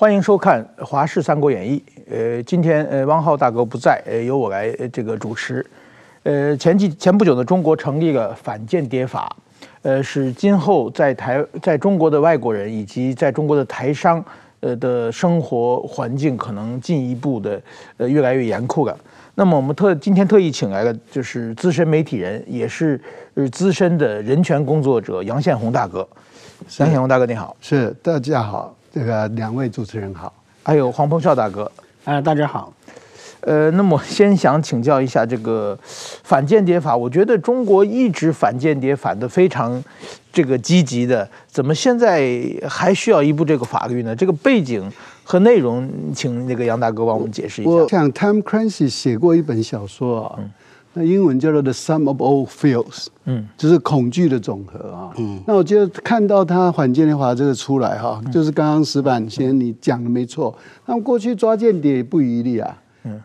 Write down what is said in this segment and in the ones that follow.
歡迎收看《華視三國演議》。呃，今天呃，汪浩大哥不在，呃、由我來、呃、這個主持。呃，前幾前不久呢，中國成立了反間諜法，呃，使今後在台在中國的外國人以及在中國的台商，呃的生活環境可能進一步的呃越來越嚴酷了。那麼我們特今天特意請來了就是資深媒體人，也是資深的人權工作者楊憲宏大哥。是楊憲宏大哥您，你好。是，大家好。嗯這個兩位主持人好，還有、哎、黃澎孝大哥，哎、啊，大家好。呃，那麼先想請教一下這個反間諜法，我覺得中國一直反間諜反得非常這個積極的，怎麼現在還需要一部這個法律呢？這個背景和內容，請那個楊大哥幫我們解釋一下。我，我想，Tom Clancy 寫過一本小說，嗯。那英文叫做 the sum of all fears,、嗯、 就是恐懼的總和啊、哦。嗯，那我今天看到他反間諜法這個出來哈、哦、嗯、就是剛剛矢板先你講的沒錯，那、嗯、過去抓間諜不遺餘力啊，嗯，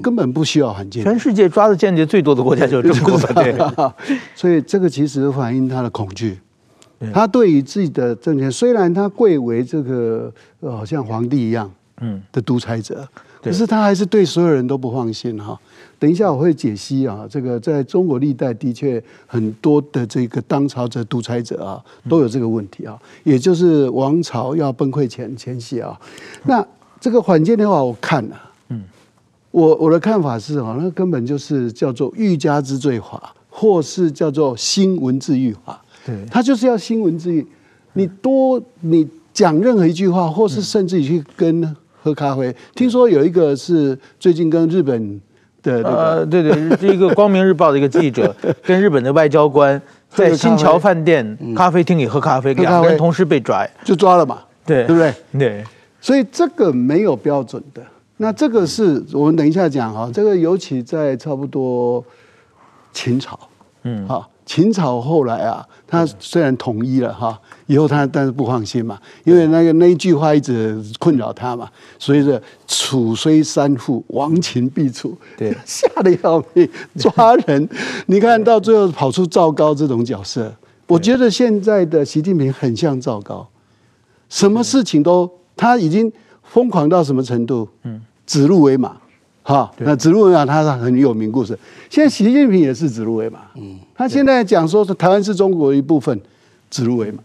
根本不需要反間。全世界抓的間諜最多的國家就是中國，的哦、對 所以這個其實反映他的恐懼，嗯、他對於自己的政權，雖然他貴為這個好、哦、像皇帝一樣，的獨裁者，嗯、可是他還是對所有人都不放心哈、哦。等一下，我會解析啊。這個在中國歷代的確很多的這個當朝者、獨裁者啊，都有這個問題啊。也就是王朝要崩潰前前夕啊。那這個反間的話，我看啊，嗯，我我的看法是好，那根本就是叫做欲加之罪法，或是叫做新文字獄法。對，他就是要新文字獄。你多你講任何一句話，或是甚至你去跟喝咖啡，聽說有一個是最近跟日本。對對對、呃、對對，一個光明日報的一個記者，跟日本的外交官在新橋飯店咖啡廳裡喝咖啡，嗯、喝咖啡兩個人同時被抓，就抓了嘛，對對不對？對，所以這個沒有標準的。那這個是我們等一下講哈，這個尤其在差不多秦朝，嗯，哈。秦朝後來啊，他雖然統一了哈，以後他但是不放心嘛，因為那個對那一句話一直困擾他嘛，所以說楚雖三戶，亡秦必楚。對，嚇得要命，抓人，對你看到最後跑出趙高這種角色。對我覺得現在的習近平很像趙高，什麼事情都他已經瘋狂到什麼程度？嗯，指鹿為馬，哈，對那指鹿為馬他是很有名故事。現在習近平也是指鹿為馬，嗯。他現在講說，台灣是中國一部分，指鹿為馬。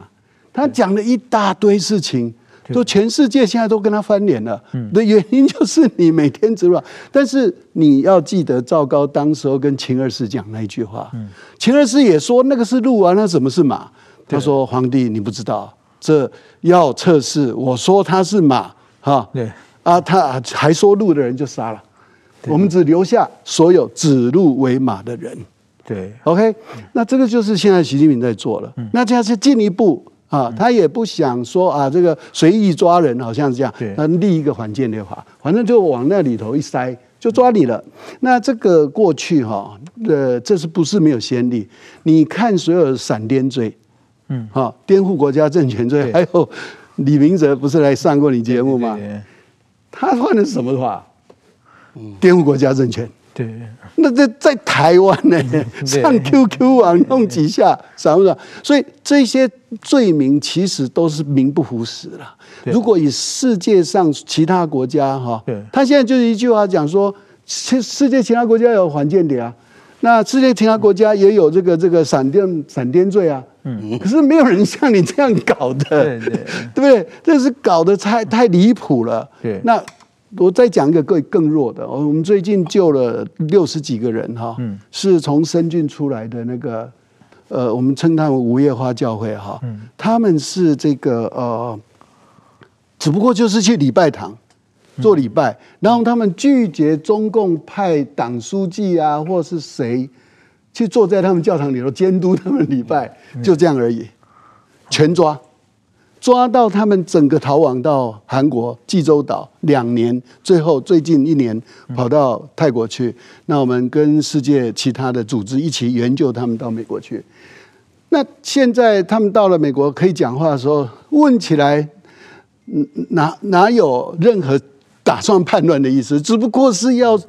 他講了一大堆事情，說對全世界現在都跟他翻臉了。那、嗯、原因就是你每天指鹿。但是你要記得，趙高當時候跟秦二世講那一句話。嗯、秦二世也說那個是鹿啊，那什麼是馬？他說對皇帝你不知道，這要測試。我說他是馬，哈、哦。對啊，他還說鹿的人就殺了，對我們只留下所有指鹿為馬的人。對，OK，那這個就是現在習近平在做了。那這樣是進一步啊，他也不想說啊，這個隨意抓人，好像是這樣。那立一個反間諜法，反正就往那裡頭一塞，就抓你了。那這個過去哈，呃，這是不是沒有先例？你看所有煽顛罪，嗯，好，顛覆國家政權罪，還有李明哲不是來上過你節目嗎？他犯的是什麼罪？嗯，顛覆國家政權。對，那在在台灣呢，欸，上 QQ 網弄幾下，爽不爽？所以這些罪名其實都是名不副實了。對如果以世界上其他國家哈，他對現在就是一句話講說，世世界其他國家有反間諜啊，那世界其他國家也有這個這個閃電閃電罪啊，嗯，可是沒有人像你這樣搞的，對對，對不對？這是搞得太太離譜了，對那。我再講一個更更弱的，我們最近救了六十幾個人哈，嗯、是從深圳出來的那個，呃，我們稱他們五月花教會哈，嗯、他們是這個呃，只不過就是去禮拜堂做禮拜，嗯、然後他們拒絕中共派黨書記啊或是誰去坐在他們教堂裡頭監督他們禮拜，嗯、就這樣而已，全抓。抓到他們，整個逃亡到韓國濟州島兩年，最後最近一年跑到泰國去。那我們跟世界其他的組織一起援救他們到美國去。那現在他們到了美國，可以講話的時候，問起來，嗯，哪哪有任何打算叛亂的意思？只不過是要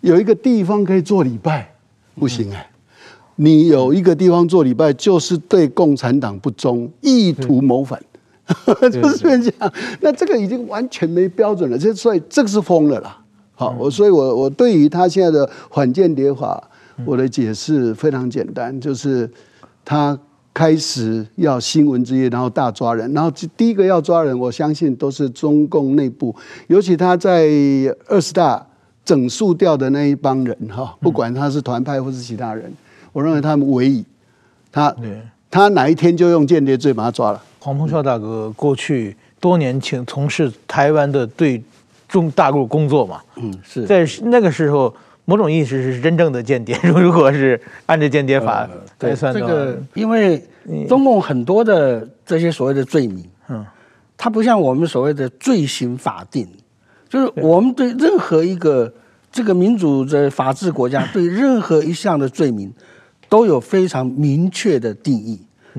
有一個地方可以做禮拜，不行啊、哎，你有一個地方做禮拜，就是對共產黨不忠，意圖謀反。 就是這樣，是是，那這個已經完全沒標準了，這所以這個是瘋了啦。好，我、嗯、所以我，我我對於他現在的反間諜法，我的解釋非常簡單，嗯、就是他開始要新聞之夜，然後大抓人，然後第一個要抓人，我相信都是中共內部，尤其他在二十大整肅掉的那一幫人哈，嗯、不管他是團派或是其他人，我認為他們唯一，他。對他哪一天就用間諜罪把他抓了？黃澎孝大哥過去多年，前從事台灣的對中大陸工作嘛，嗯，是,是在那個時候，某種意識是真正的間諜。如果是著間諜、嗯，是按照間諜法來算的話，這個因為中共很多的這些所謂的罪名，嗯，它不像我們所謂的罪刑法定，就是我們對任何一個這個民主的法治國家，嗯、對,對任何一項的罪名。都有非常明確的定義，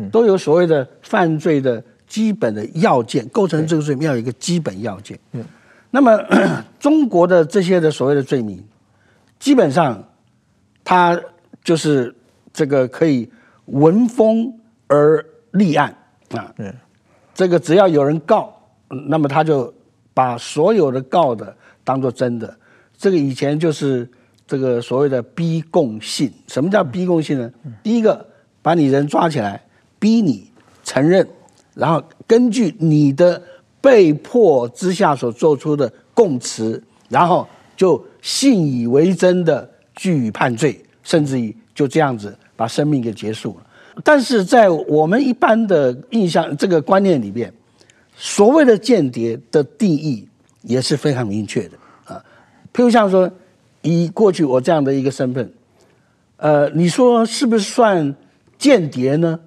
都有所謂的犯罪的基本的要件，構成這個罪名要有一個基本要件。嗯、那麼中國的這些的所謂的罪名，基本上，它就是這個可以聞風而立案啊。嗯、這個只要有人告，那麼他就把所有的告的當作真的。這個以前就是。這個所謂的逼供信，什麼叫逼供信呢？第一個把你人抓起來，逼你承認，然後根據你的被迫之下所做出的供詞，然後就信以為真的據以判罪，甚至於就這樣子把生命給結束了。但是在我們一般的印象，這個觀念裡邊，所謂的間諜的定義也是非常明確的啊，譬如像說。以過去我這樣的一個身份，呃，你說是不是算間諜呢？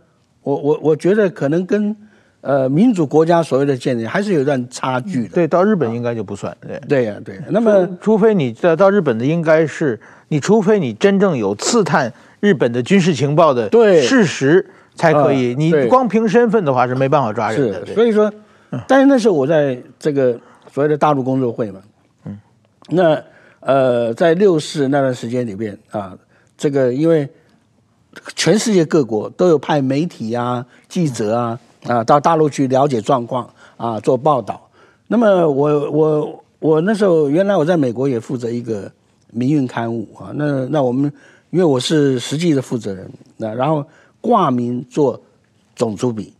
我我我覺得可能跟呃民主國家所謂的間諜還是有一段差距的。對，到日本應該就不算。啊、對對、啊、呀，對、啊對啊。那麼，除，除非你在到，到日本的，應該是你除非你真正有刺探日本的軍事情報的事實對才可以。呃、你光憑身份的話是沒辦法抓人的。是所以說，嗯、但是那時候我在這個所謂的大陸工作會嘛，嗯，那。呃，在六四那段時間裡面啊，這個因為全世界各國都有派媒體啊、記者啊啊到大陸去了解狀況啊，做報道。那麼我我我那時候原來我在美國也負責一個民運刊物啊，那那我們因為我是實際的負責人，那、啊、然後掛名做總主筆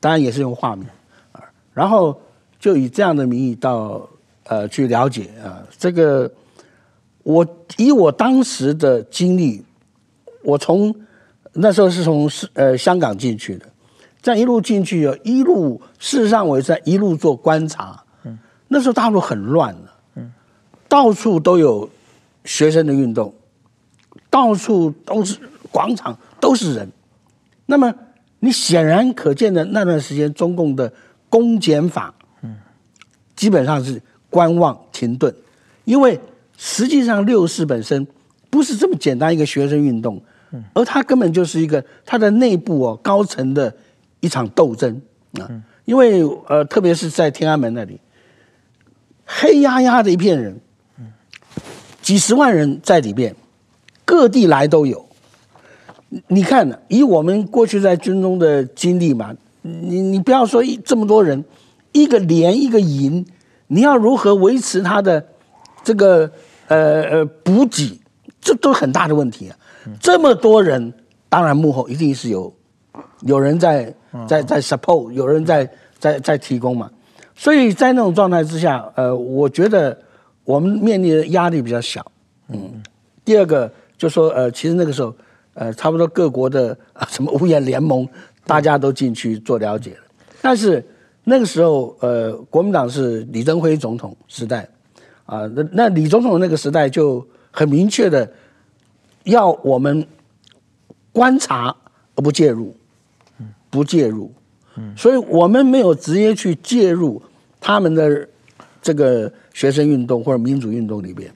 當然也是用化名啊，然後就以這樣的名義到呃去了解啊這個。我以我當時的經歷，我從那時候是從是呃香港進去的，這樣一路進去，一路事實上我也在一路做觀察。嗯。那時候大陸很亂的，嗯，到處都有學生的運動，到處都是廣場，都是人。那麼你顯然可見的那段時間，中共的公檢法，嗯，基本上是觀望停頓，因為。實際上六四本身不是這麼簡單一個學生運動，而它根本就是一個它的內部哦高層的一場鬥爭啊，因為呃，特別是在天安門那裡黑壓壓的一片人，幾十萬人在裡面，各地來都有。你看，以我們過去在軍中的經歷嘛，你你不要說一這麼多人，一個連一個營，你要如何維持他的這個？呃呃，補給這都是很大的問題啊。這麼多人，當然幕後一定是有有人在在在 support，有人在在在，在提供嘛。所以在那種狀態之下，呃，我覺得我們面臨的壓力比較小。嗯。嗯第二個就說呃，其實那個時候呃，差不多各國的啊、呃、什麼五眼聯盟，大家都進去做了解了。對但是那個時候呃，國民黨是李登輝總統時代。啊，那那李總統那個時代就很明確的要我們觀察而不介入，不介入，嗯嗯、所以我們沒有直接去介入他們的這個學生運動或者民主運動裡邊。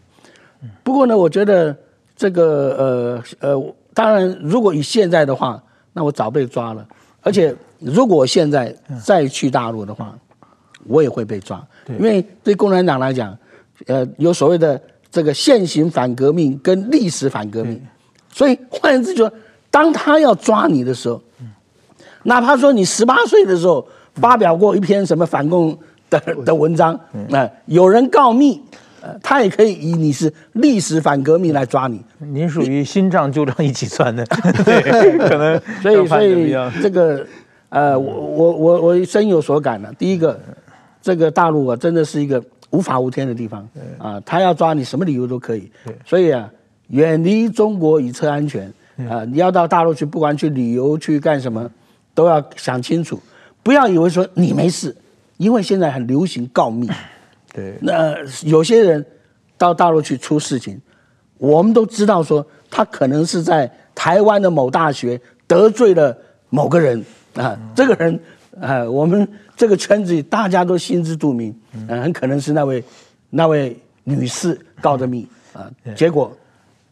不過呢，我覺得這個呃呃，當然，如果以現在的話，那我早被抓了。而且如果我現在再去大陸的話，嗯嗯、我也會被抓，對因為對共產黨來講。呃，有所謂的這個現行反革命跟歷史反革命，嗯、所以換言之就當他要抓你的時候，嗯、哪怕說你十八歲的時候發表過一篇什麼反共的、嗯、的文章，那、呃嗯、有人告密，他也可以以你是歷史反革命來抓你。您屬於新賬舊賬一起算的，嗯、 對， 可能所以所以這個呃，我我我我深有所感了、啊。第一個，嗯、這個大陸啊，真的是一個。無法無天的地方，啊、呃，他要抓你什麼理由都可以，對所以啊，遠離中國以策安全，啊對、呃，你要到大陸去，不管去旅遊去幹什麼，嗯、都要想清楚，不要以為說你沒事，因為現在很流行告密，對，那、呃、有些人到大陸去出事情，我們都知道說他可能是在台灣的某大學得罪了某個人，啊、呃，嗯、這個人。哎、呃，我們這個圈子裡大家都心知肚明，嗯、呃，很可能是那位那位女士告的密啊。呃、是結果，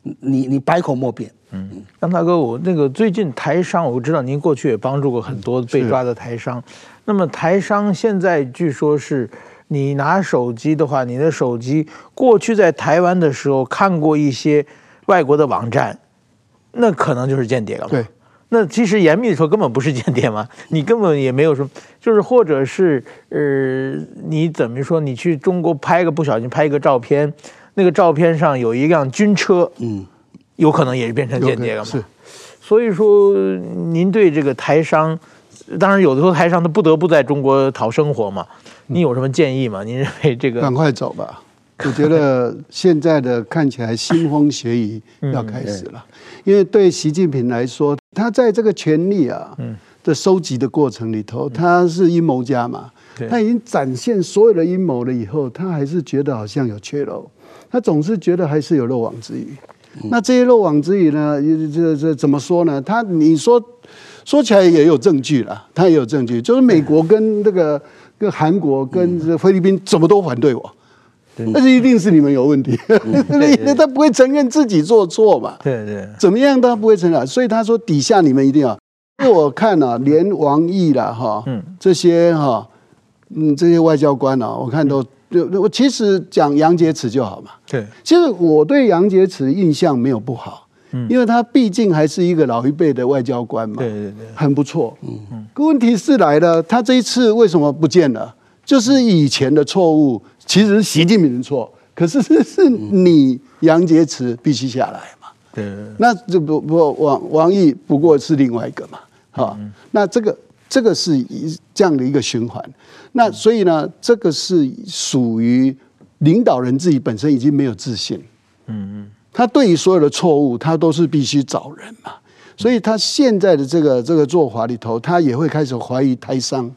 你你百口莫辯。嗯，楊大哥，我那個最近台商，我知道您過去也幫助過很多被抓的台商。是那麼台商現在據說，是你拿手機的話，你的手機過去在台灣的時候看過一些外國的網站，那可能就是間諜了。對。那其實嚴密的時候根本不是間諜嘛，你根本也沒有說，就是或者是呃，你怎麼說？你去中國拍個不小心拍一個照片，那個照片上有一輛軍車，嗯，有可能也是變成間諜了嘛？是，所以說您對這個台商，當然有的時候台商他不得不在中國討生活嘛，你有什麼建議嗎？嗯、您認為這個？趕快走吧，我覺得現在的看起來腥風血雨要開始了。嗯因為對習近平來說，他在這個權力啊、嗯、的收集的過程裡頭，他是陰謀家嘛，對他已經展現所有的陰謀了以後，他還是覺得好像有缺漏，他總是覺得還是有漏網之魚。嗯、那這些漏網之魚呢，這這、這怎麼說呢？他你說說起來也有證據了，他也有證據，就是美國跟這、那個、嗯、跟韓國跟這菲律賓怎麼都反對我。但是對一定是你們有問題，嗯、對對對 他不會承認自己做錯嘛？對，對對，怎麼樣都他不會承認？所以他說底下你們一定要。因為我看啊，連王毅了哈，嗯、這些哈、啊，嗯，這些外交官呢、啊，我看都、嗯、我其實講楊潔篪就好嘛。對，其實我對楊潔篪印象沒有不好，嗯、因為他畢竟還是一個老一輩的外交官嘛，嗯、對對對，很不錯。可、嗯嗯、問題是來了，他這一次為什麼不見了？就是以前的錯誤，其實是習近平的錯，可是是是你楊潔篪必須下來嘛？對，那這不不王王毅不過是另外一個嘛？哈、嗯嗯，那這個這個是一這樣的一個循環。那所以呢，嗯、這個是屬於領導人自己本身已經沒有自信。嗯嗯，他對於所有的錯誤，他都是必須找人嘛。所以他現在的這個這個做法裡頭，他也會開始懷疑台商。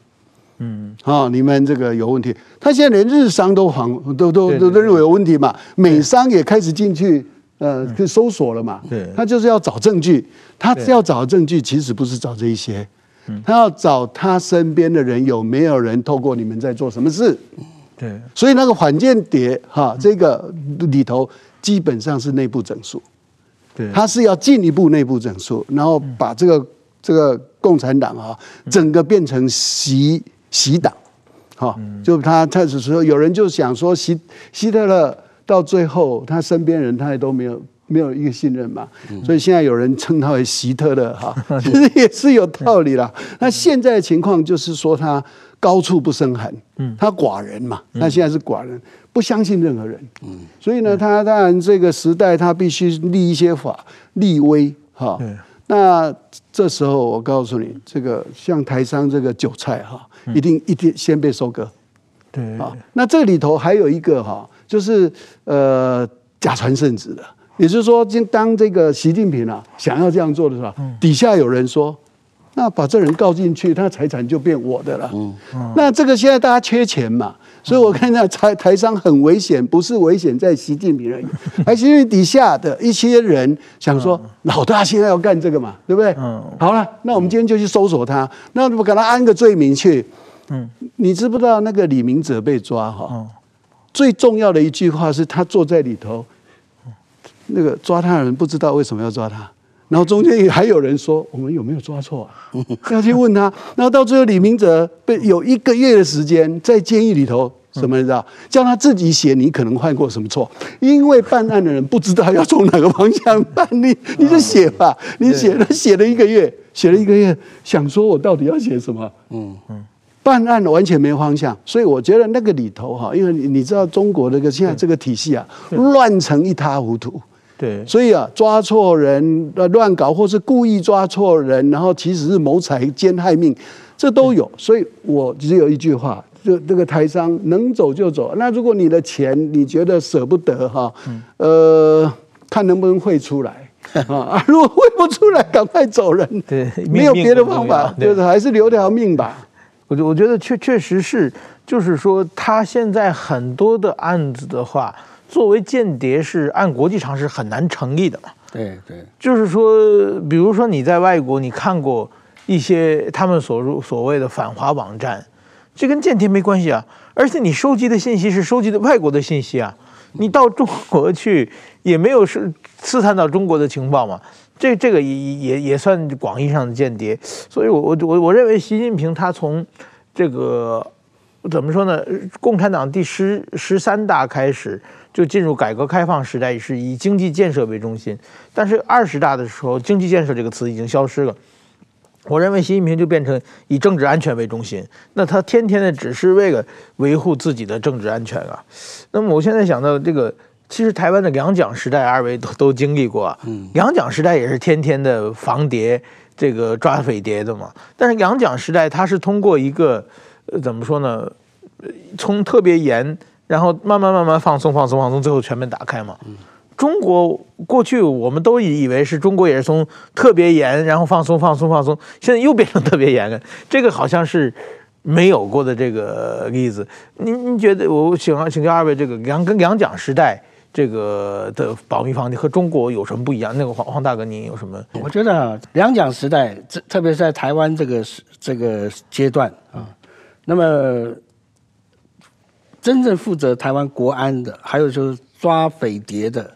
嗯，好，你們這個有問題，他現在連日商都很、嗯、都都都認為有問題嘛，美商也開始進去，對呃，去搜索了嘛。對他就是要找證據，他要找證據，其實不是找這一些，他要找他身邊的人有沒有人透過你們在做什麼事。對，所以那個反間諜哈、哦，這個裡頭基本上是內部整肅，對，他是要進一步內部整肅，然後把這個、嗯、這個共產黨啊、哦，整個變成習習黨，嗯、就他他那時候有人就想說，希希特勒到最後，他身邊人他也都沒有沒有一個信任嘛，嗯、所以現在有人稱他為希特勒哈，嗯、其實也是有道理啦。嗯、那現在的情況就是說他高處不勝寒，嗯、他寡人嘛，他現在是寡人，嗯、不相信任何人，嗯、所以呢，他當然這個時代他必須立一些法立威哈，嗯、那這時候我告訴你，這個像台商這個韭菜哈。一定一定先被收割，對啊、哦。那這裡頭還有一個哈，就是呃假傳聖旨的，也就是說，當這個習近平啊想要這樣做的時候，嗯、底下有人說。那把這人告進去，他的財產就變我的了。嗯嗯、那這個現在大家缺錢嘛，嗯、所以我看到台台商很危險，不是危險在習近平而已，而、嗯、是因為底下的一些人想說，嗯、老大現在要幹這個嘛，對不對？嗯、好了，那我們今天就去搜索他，嗯、那我們給他安個罪名去。嗯、你知不知道那個李明哲被抓哈？嗯、最重要的一句話是他坐在裡頭，嗯、那個抓他的人不知道為什麼要抓他。然後中間也還有人說，我們有沒有抓錯啊？ 要去問他。然後到最後，李明哲被有一個月的時間在監獄裡頭，什麼你知道？叫他自己寫，你可能犯過什麼錯？因為辦案的人不知道要從哪個方向辦理，你就寫吧。你寫了，寫了一個月，寫了一個月，想說我到底要寫什麼？嗯嗯。辦案完全沒方向，所以我覺得那個裡頭哈，因為你知道中國這個現在這個體系啊，亂成一塌糊塗。對，所以啊，抓錯人、亂搞，或是故意抓錯人，然後其實是謀財兼害命，這都有。嗯、所以我只有一句話，就這個台商能走就走。那如果你的錢你覺得捨不得哈，呃，看能不能匯出來、嗯 啊。如果匯不出來，趕快走人。對，命命不重要。對，沒有別的方法，就是對對還是留條命吧。我我覺得確確實是，就是說他現在很多的案子的話。作為間諜是按國際常識很難成立的嘛？對對，就是說，比如說你在外國，你看過一些他們所所謂的反華網站，這跟間諜沒關係啊。而且你收集的信息是收集的外國的信息啊，你到中國去也沒有是刺探到中國的情報嘛。這這個也也也算廣義上的間諜。所以，我我我我認為，習近平他從這個怎麼說呢？共產黨第十十三大開始，就進入改革開放時代，是以經濟建設為中心。但是二十大的時候，經濟建設這個詞已經消失了。我認為習近平就變成以政治安全為中心。那他天天的只是為了維護自己的政治安全啊。那麼我現在想到這個，其實台灣的兩蔣時代，二位都都經歷過。嗯，兩蔣時代也是天天的防諜，這個抓匪諜的嘛。但是兩蔣時代它是通過一個，呃，怎麼說呢？呃，從特別嚴。然後慢慢慢慢放鬆放鬆放鬆，最後全面打開嘛。中國過去我們都以以為是中國也是從特別嚴，然後放鬆放鬆放鬆，現在又變成特別嚴了。這個好像是沒有過的這個例子。您您覺得，我請請教二位，這個兩跟兩蔣時代這個的保密防諜和中國有什麼不一樣？那個黃黃大哥，您有什麼？我覺得、啊、兩蔣時代，特別是在台灣這個這個階段啊、嗯，那麼。真正負責台灣國安的，還有就是抓匪諜的，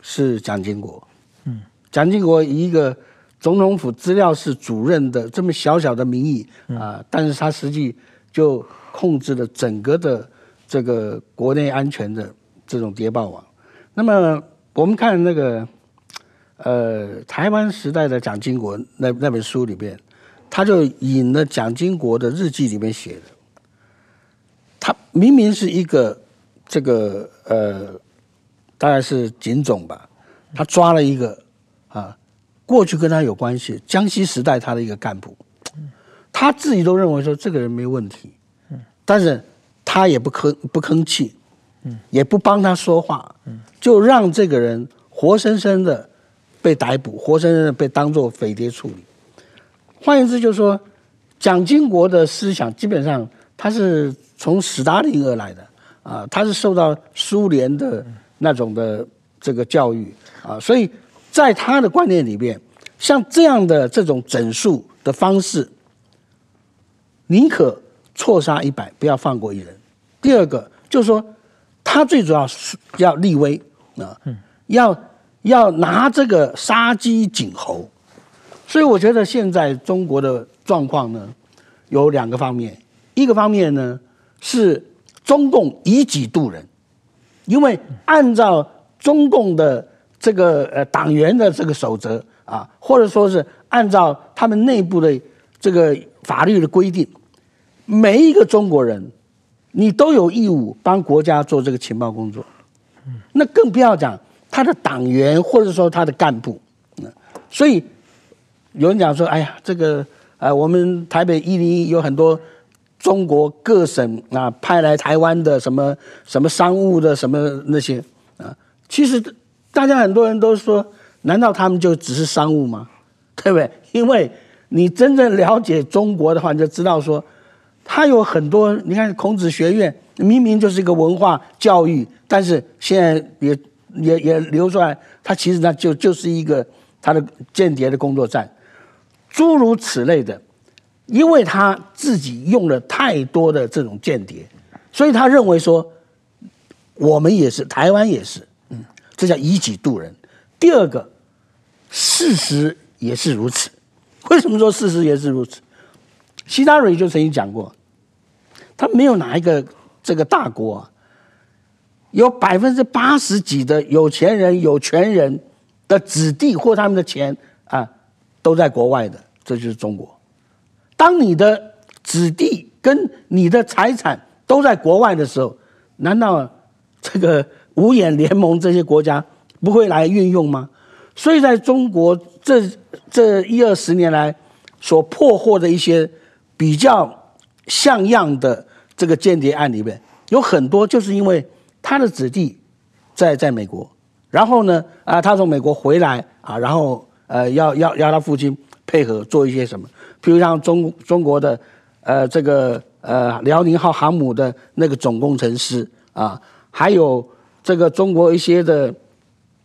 是蔣經國。嗯，蔣經國以一個總統府資料室主任的這麼小小的名義啊，呃，但是他實際就控制了整個的這個國內安全的這種諜報網。那麼我們看那個，呃，台灣時代的蔣經國那那本書裡邊，他就引了蔣經國的日記裡面寫的。他明明是一個這個呃，大概是警總吧，他抓了一個啊，過去跟他有關係，江西時代他的一個幹部，他自己都認為說，這個人沒問題，但是他也不吭不吭氣，也不幫他說話，就讓這個人活生生的被逮捕，活生生的被當作匪諜處理。換言之，就是說蔣經國的思想基本上他是。從斯大林而來的啊、呃，他是受到蘇聯的那種的這個教育啊、呃，所以在他的觀念裡面，像這樣的這種整肅的方式，寧可錯殺一百，不要放過一人。第二個就是說，他最主要是要立威啊，呃嗯、要要拿這個殺雞儆猴。所以我覺得現在中國的狀況呢，有兩個方面，一個方面呢。是中共以己度人，因為按照中共的這個呃黨員的這個守則啊，或者說是按照他們內部的這個法律的規定，每一個中國人，你都有義務幫國家做這個情報工作。嗯，那更不要講他的黨員或者說他的幹部。嗯，所以有人講說：“哎呀，這個啊、呃，我們台北一零一有很多。”中國各省啊派來台灣的什麼什麼商務的什麼那些啊，其實大家很多人都說，難道他們就只是商務嗎？對不對？因為你真正了解中國的話，你就知道說，他有很多。你看孔子學院明明就是一個文化教育，但是現在也也也流出來，他其實他就就是一個他的間諜的工作站，諸如此類的。因為他自己用了太多的這種間諜，所以他認為說，我們也是，台灣也是，嗯，這叫以己度人。第二個，事實也是如此。為什麼說事實也是如此？希拉里就曾經講過，他沒有哪一個這個大國啊，有百分之八十幾的有錢人、有權人的子弟或他們的錢啊，都在國外的，這就是中國。當你的子弟跟你的財產都在國外的時候，難道這個五眼聯盟這些國家不會來運用嗎？所以，在中國這這一二十年來所破獲的一些比較像樣的這個間諜案裡面，有很多就是因為他的子弟在在美國，然後呢，啊、呃，他從美國回來啊，然後呃，要要要他父親配合做一些什麼。比如像中中國的，呃，這個呃，遼寧號航母的那個總工程師啊，還有這個中國一些的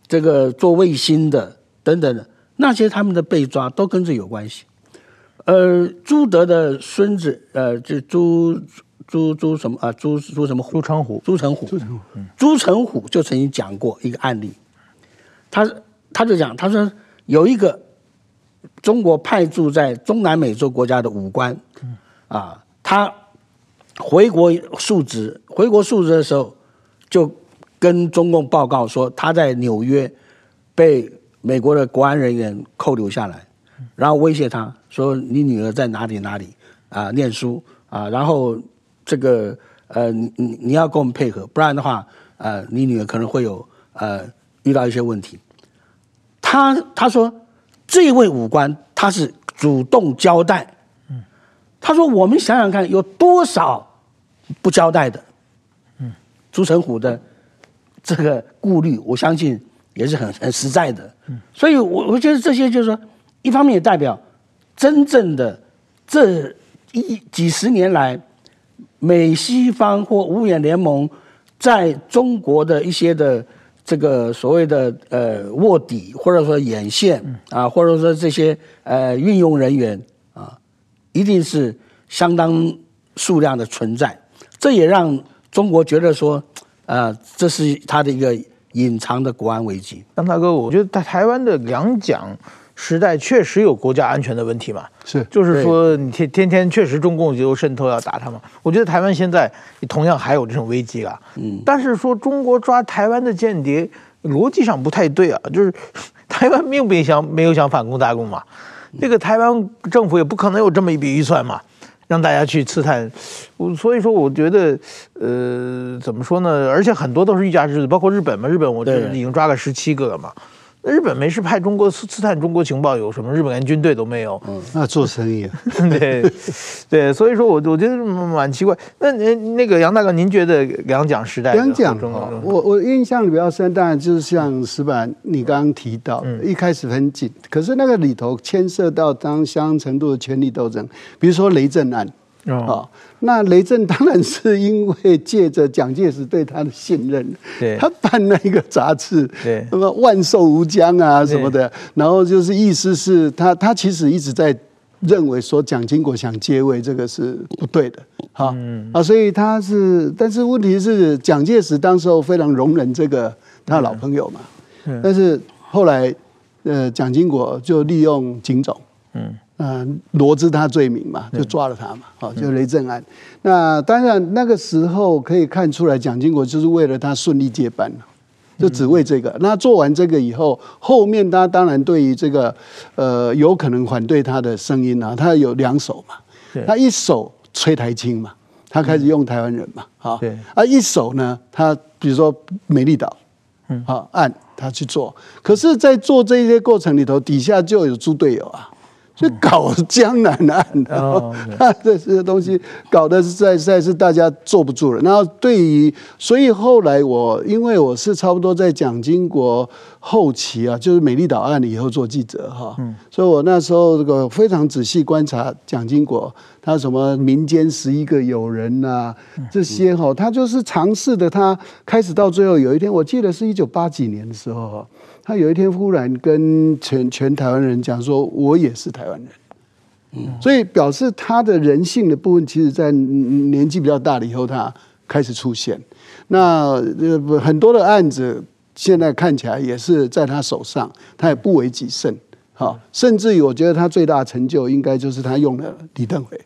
這個做衛星的等等，的，那些他們的被抓都跟這有關係。呃，朱德的孫子，呃，就朱朱朱什麼啊？朱朱什麼？啊、朱昌虎？朱成虎？朱成虎。朱成虎，嗯、朱成虎就曾經講過一個案例，他他就講，他說有一個。中國派駐在中南美洲國家的武官，啊、呃，他回國述職，回國述職的時候，就跟中共報告說，他在紐約被美國的國安人員扣留下來，然後威脅他說：“你女兒在哪裡？哪裡啊、呃？念書啊、呃？然後這個呃，你你要跟我們配合，不然的話，呃，你女兒可能會有呃遇到一些問題。”他他他說。這位武官他是主動交代，嗯，他說：“我們想想看，有多少不交代的？”嗯，朱成虎的這個顧慮，我相信也是很很實在的。嗯，所以，我我覺得這些就是說，一方面也代表真正的這一幾十年來，美西方或五眼聯盟在中國的一些的。這個所謂的呃臥底或者說眼線啊、呃，或者說這些呃運用人員啊、呃，一定是相當數量的存在。這也讓中國覺得說，呃，這是他的一個隱藏的國安危機。張大哥，我覺得台台灣的兩蔣，時代確實有國家安全的問題嘛，是，就是說你天天天確實中共就滲透要打他嘛，我覺得台灣現在同樣還有這種危機啊，嗯，但是說中國抓台灣的間諜邏輯上不太對啊，就是台灣並不想沒有想反攻大陸嘛，那個台灣政府也不可能有這麼一筆預算嘛，讓大家去刺探，我所以說我覺得，呃，怎麼說呢？而且很多都是欲加之罪，包括日本嘛，日本我這已經抓了十七個了嘛。日本沒事派中國刺探中國情報，有什麼？日本連軍隊都沒有。嗯，那做生意、啊， 對對，所以說我我覺得蠻奇怪。那那那個楊大哥，您覺得兩蔣時代？兩蔣哦，中我我印象裡比較深，當然就是像矢板你剛剛提到，嗯、一開始很緊，可是那個裡頭牽涉到當相當程度的權力鬥爭，比如說雷震案。啊、哦，那雷震當然是因為借着蔣介石對他的信任，對，他辦了一個雜誌，對，那麼萬壽無疆啊什麼的，對然後就是意思是他他其實一直在認為說蔣經國想接位，這個是不對的，好、嗯，啊，所以他是，但是問題是蔣介石當時候非常容忍這個他老朋友嘛，嗯嗯、但是後來呃蔣經國就利用警總，嗯。嗯，羅織、呃、他罪名嘛，就抓了他嘛，對哦，就雷震案。嗯、那當然那個時候可以看出來，蔣經國就是為了他順利接班就只為這個。嗯、那做完這個以後，後面他當然對於這個呃，有可能反對他的聲音啊，他有兩手嘛。對他一手吹台青嘛，他開始用台灣人嘛，好。啊，一手呢，他比如說美麗島，嗯，好、哦，按他去做。可是，在做這些過程裡頭，底下就有豬隊友啊。就搞江南案的，嗯、然後他這些東西搞得實在實在是大家坐不住了。然後對於，所以後來我因為我是差不多在蔣經國後期啊，就是美麗島案以後做記者哈，嗯、所以我那時候這個非常仔細觀察蔣經國，他什麼民間十一個友人吶、啊、這些哈，他就是嘗試的他，他開始到最後有一天我記得是一九八幾年的時候。他有一天忽然跟全全台灣人講說：“我也是台灣人，嗯。”嗯，所以表示他的人性的部分，其實在年紀比較大了以後，他開始出現。那很多的案子，現在看起來也是在他手上，他也不為己甚。好，甚至於我覺得他最大的成就，應該就是他用了李登輝。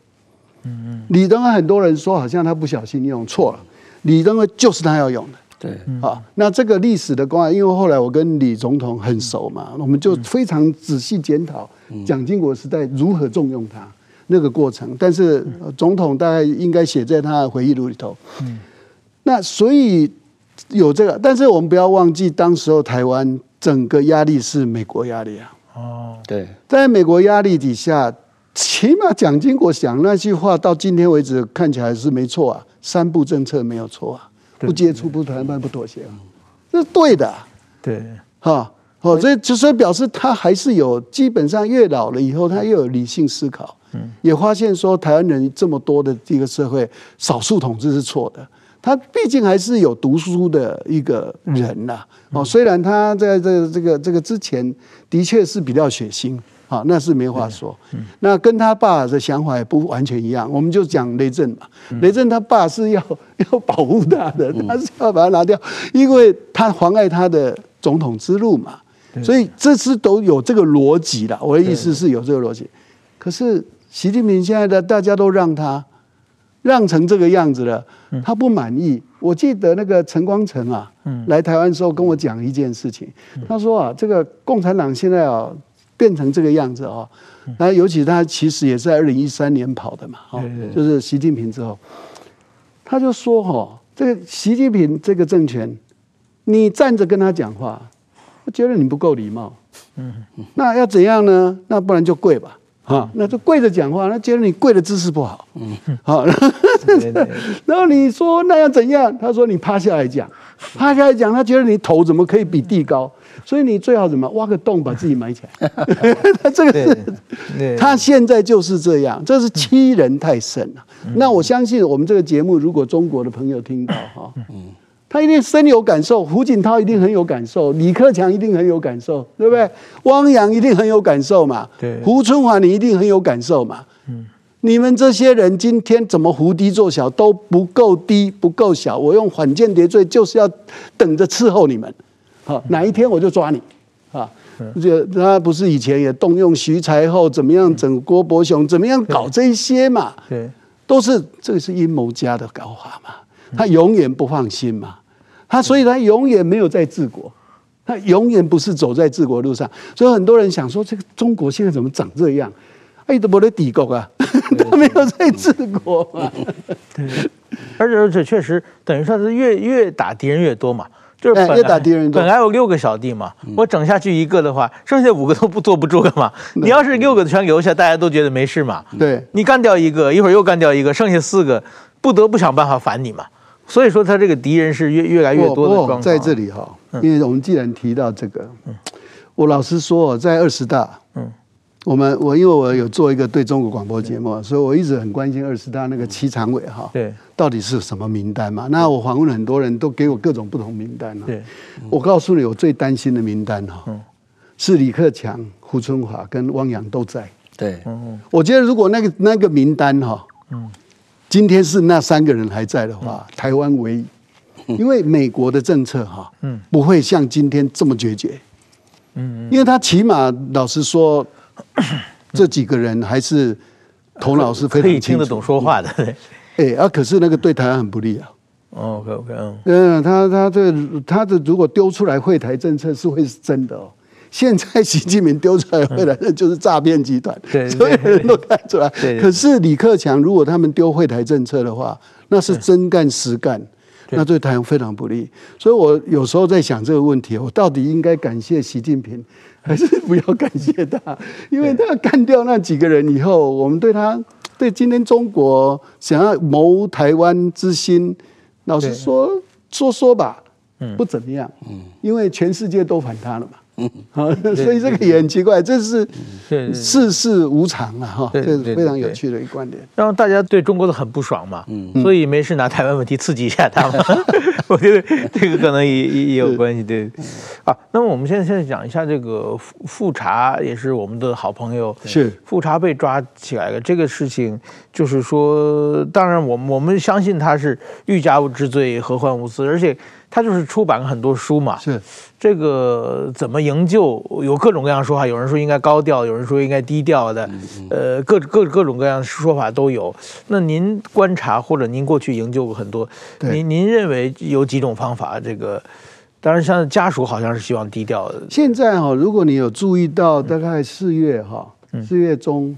嗯嗯，李登輝很多人說好像他不小心用錯了，李登輝就是他要用的。對，好，那這個歷史的關係，因為後來我跟李總統很熟嘛，嗯、我們就非常仔細檢討蔣經國時代如何重用他、嗯、那個過程。但是總統大概應該寫在他的回憶錄裡頭。嗯、那所以有這個，但是我們不要忘記，當時候台灣整個壓力是美國壓力啊。哦、對，在美國壓力底下，起碼蔣經國講那句話到今天為止看起來是沒錯啊，三不政策沒有錯啊。對不接觸，不談判，不妥協，這是對的、啊。對，哈，好，所以就說表示他還是有，基本上越老了以後，他又有理性思考。也發現說台灣人這麼多的一個社會，少數統治是錯的。他畢竟還是有讀書的一個人吶、啊。哦、嗯，嗯、雖然他在這個這個這個之前的確是比較血腥。好，那是沒話說。啊嗯、那跟他爸的想法也不完全一樣。我們就講雷震嘛，嗯、雷震他爸是要要保護他的，他是要把他拿掉，嗯、因為他妨礙他的總統之路嘛。啊、所以這次都有這個邏輯了。我的意思是有這個邏輯。啊、可是習近平現在的大家都讓他讓成這個樣子了，嗯、他不滿意。我記得那個陳光誠啊，嗯、來台灣的時候跟我講一件事情，嗯、他說啊，這個共產黨現在啊。變成這個樣子，然後、哦、那尤其他其實也是在二零一三年跑的嘛，就是習近平之後，他就說哈、哦，這個習近平這個政權，你站着跟他講話，他覺得你不夠禮貌。嗯，那要怎樣呢？那不然就跪吧，啊，那就跪着講話。他覺得你跪的姿勢不好，嗯，然後你說那要怎樣？他說你趴下來講，趴下來講，他覺得你頭怎麼可以比地高？所以你最好怎麼挖個洞把自己埋起來？ 這個是，他現在就是這樣，這是欺人太甚了。那我相信我們這個節目，如果中國的朋友聽到哈，他一定深有感受，胡錦濤一定很有感受，李克強一定很有感受，對不對？汪洋一定很有感受嘛，胡春華你一定很有感受嘛，你們這些人今天怎麼伏低做小都不夠低不夠小，我用反間諜罪就是要等着伺候你們。哪一天我就抓你，嗯、啊！這他不是以前也動用徐才厚怎麼樣整郭伯雄，怎麼樣搞這些嘛？對，對都是這個是陰謀家的搞法嘛。他永遠不放心嘛，是他所以他永遠沒有在治國，嗯、他永遠不是走在治國路上。所以很多人想說，這個中國現在怎麼長這樣？哎，怎麼的底國啊？他沒有在治國嘛。對，對對 而且而且確實等於說是越越打敵人越多嘛。就是本來打敵人本來有六個小弟嘛，嗯、我整下去一個的話，剩下五個都不坐不住了嘛。嗯、你要是六個全留下，大家都覺得沒事嘛。對、嗯，你幹掉一個，一會兒又幹掉一個，剩下四個不得不想辦法反你嘛。所以說他這個敵人是越越來越多的狀況、哦哦、在這裡哈、哦，因為我們既然提到這個，我老實說、哦，在二十大，嗯，我們我因為我有做一個對中國廣播節目，嗯、所以我一直很關心二十大那個七常委哈。對。到底是什麼名單嘛？那我訪問了很多人都給我各種不同名單了。對，我告訴你，我最擔心的名單哈，是李克強、胡春華跟汪洋都在。對，我覺得如果那個那個名單哈，今天是那三個人還在的話，台灣唯一。因為美國的政策哈，嗯，不會像今天這麼決絕，因為他起碼老實說，這幾個人還是頭腦是非常清楚，可以聽得懂說話的。哎、欸，啊，可是那個對台灣很不利啊。哦、oh,，OK，OK，okay ,、okay. 嗯，他他這他如果丟出來惠台政策是會是真的哦。現在習近平丟出來惠台，那就是詐騙集團， 對對對對，所有人都看出來。對對，可是李克強如果他們丟惠台政策的話，那是真幹實幹，對對，那對台灣非常不利。所以我有時候在想這個問題，我到底應該感謝習近平，還是不要感謝他？因為他幹掉那幾個人以後，我們對他。對，今天中國想要謀台灣之心，老實說對說說吧，不怎麼樣，嗯，因為全世界都反他了嘛。 所以這個也很奇怪，這是世事無常啊，哈，這是、哦、非常有趣的一個觀點。然後大家對中國的很不爽嘛，嗯，所以沒事拿台灣問題刺激一下他們，嗯、 我覺得這個可能也 也有關係，對。是那麼我們現在現在講一下這個富富察，也是我們的好朋友，是富察被抓起來了，這個事情就是說，當然我們我們相信他是欲加之罪，何患無辭而且。他就是出版了很多書嘛，是這個怎麼營救，有各種各樣說法，有人說應該高調，有人說應該低調的，嗯嗯呃，各各各種各樣的說法都有。那您觀察或者您過去營救過很多，對您您認為有幾種方法？這個，當然像家屬好像是希望低調的。現在哈、哦，如果你有注意到，大概四月哈、哦，四、嗯、月中，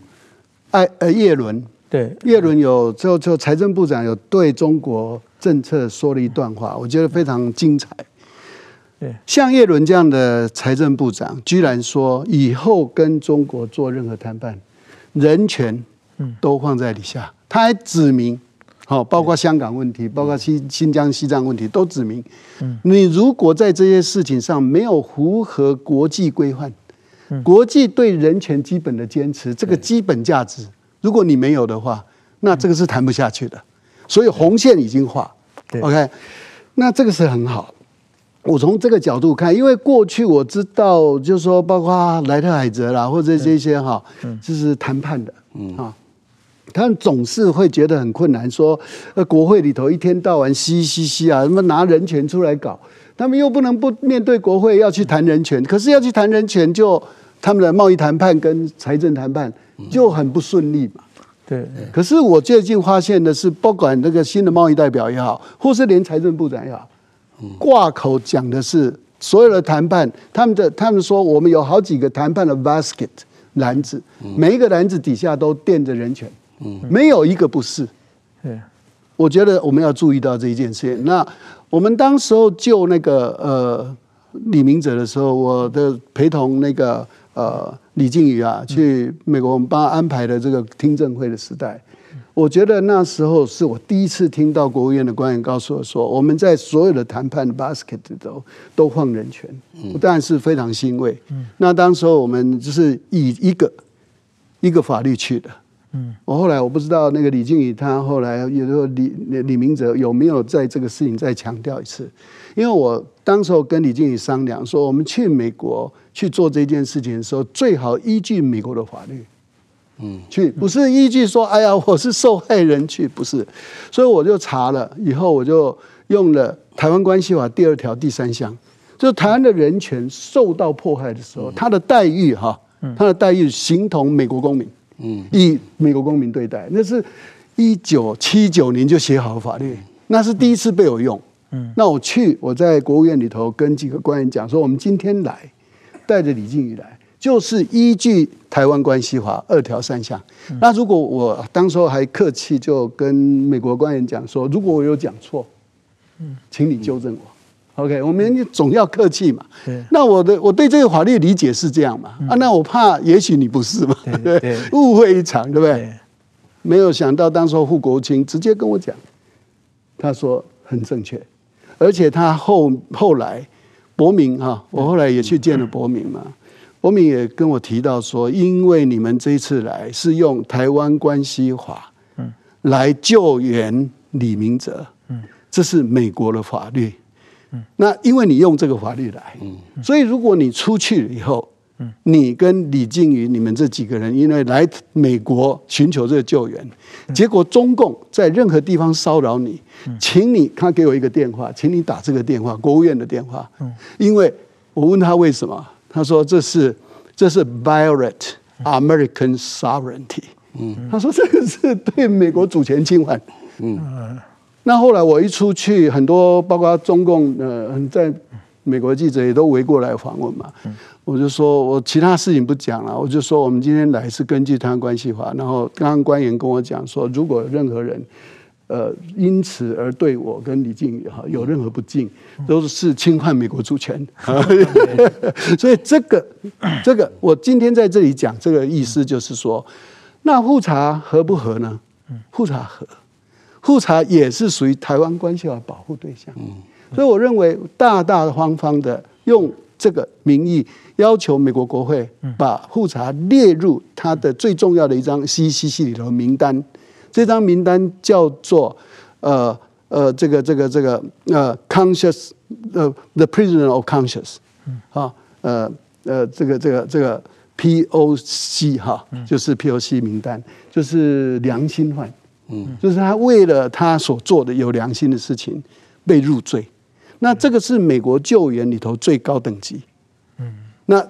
艾呃葉倫，對葉倫、嗯、有最後，最後財政部長有對中國政策說了一段話，嗯、我覺得非常精彩。對、嗯，像葉倫這樣的財政部長，居然說以後跟中國做任何談判，人權都放在底下。他還指明，好、哦，包括香港問題，嗯、包括新新疆西藏問題都指明，嗯、你如果在這些事情上沒有符合國際規範，嗯、國際對人權基本的堅持，嗯、這個基本價值。如果你沒有的話，那這個是談不下去的，所以紅線已經畫，對，OK，那這個是很好。我從這個角度看，因為過去我知道，就是說，包括萊特海澤啦，或者這些哈、嗯哦，就是談判的哈、嗯哦，他們總是會覺得很困難，說呃，國會裡頭一天到晚，嘻嘻嘻啊，什麼拿人權出來搞，他們又不能不面對國會要去談人權，嗯、可是要去談人權就，就他們的貿易談判跟財政談判。就很不順利嘛，對。可是我最近發現的是，不管那個新的貿易代表也好，或是連財政部長也好，掛口講的是所有的談判，他們的他們說我們有好幾個談判的 basket 籃子，每一個籃子底下都墊着人權，沒有一個不是。對，我覺得我們要注意到這一件事情。那我們當時候救那個呃李明哲的時候，我的陪同那個呃。李凈瑜啊，去美國，我們幫他安排的這個聽證會的時代，嗯、我覺得那時候是我第一次聽到國務院的官員告訴我說，我們在所有的談判的 basket 裡頭、嗯、都都放人權，我當然是非常欣慰。嗯、那當時候我們就是以一個一個法律去的。嗯、我後來我不知道那個李凈瑜他後來，有時候李李明哲有沒有在這個事情再強調一次？因為我當時候跟李凈瑜商量說，我們去美國。去做這件事情的時候，最好依據美國的法律去，去、嗯、不是依據說，哎呀，我是受害人去，不是。所以我就查了以後，我就用了《台灣關係法》第二條第三項，就是台灣的人權受到迫害的時候，他、嗯、的待遇哈，他、嗯、的待遇形同美國公民，嗯、以美國公民對待。那是一九七九年就寫好的法律，嗯、那是第一次被我用。嗯、那我去，我在國務院裡頭跟幾個官員講說，我們今天來。帶着李淨瑜來，就是依據台灣關係法二條三項。嗯、那如果我當時候還客氣，就跟美國官員講說，如果我有講錯，請你糾正我。嗯、OK，我們總要客氣嘛。嗯、那我的我對這個法律理解是這樣嘛？嗯、啊，那我怕也許你不是嘛？嗯、對對對 誤會一場，對不對？對對對，沒有想到，當時候副國務卿直接跟我講，他說很正確，嗯、而且他後後來。博明哈，我後來也去見了博明嘛，博明也跟我提到說，因為你們這一次來是用台灣關係法，嗯，來救援李明哲，嗯，這是美國的法律，嗯，那因為你用這個法律來，嗯，所以如果你出去了以後。你跟李靖宇，你們這幾個人因為來美國尋求這個救援，結果中共在任何地方騷擾你，請你他給我一個電話，請你打這個電話，國務院的電話。因為我問他為什麼，他說這是這是 violate American sovereignty。嗯，他說這個是對美國主權侵犯。嗯，那後來我一出去，很多包括中共呃，在美國記者也都圍過來訪問嘛。我就說，我其他事情不講了，我就說我們今天來是根據台灣關係法。然後剛剛官員跟我講說，如果任何人呃因此而對我跟李淨瑜哈有任何不敬，都是侵犯美國主權。所以這個這個我今天在這裡講這個意思，就是說那富察合不合呢？富察合，富察也是屬於台灣關係法保護對象。所以我認為大大方方的用。這個名義要求美國國會把富察列入他的最重要的一張 C C C 裡頭的名單，這張名單叫做呃呃這個這個這個呃、uh、conscious 呃 the, the prisoner of conscience、uh、uh、啊呃呃這個這個這個，個 P O C 哈，就是 P O C 名單，就是良心犯，嗯，就是他為了他所做的有良心的事情被入罪。那這個是美國救援裡頭最高等級，嗯、那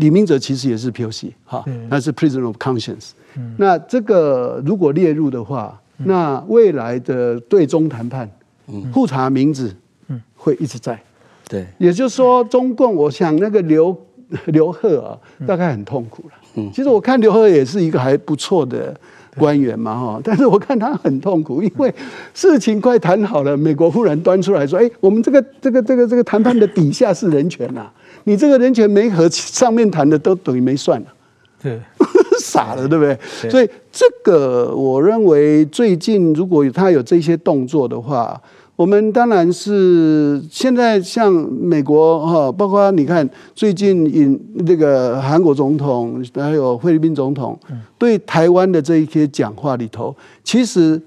李明哲其實也是 POC 哈對，是 Prison of Conscience，、嗯、那這個如果列入的話，嗯、那未來的對中談判複、嗯、查名字、嗯、會一直在，對，也就是說中共我想那個劉劉鶴啊大概很痛苦了，嗯、其實我看劉鶴也是一個還不錯的。對官員嘛哈，但是我看他很痛苦，因為事情快談好了，美國忽然端出來說：“哎，我們這個這個這個這個談判的底下是人權吶，你這個人權沒和上面談的都等於沒算了。”對， 傻了，對不對？對。所以這個我認為最近如果他有這些動作的話。我們當然是現在像美國哈，包括你看最近引這個韓國總統，還有菲律賓總統，對台灣的這一些講話裡頭，其實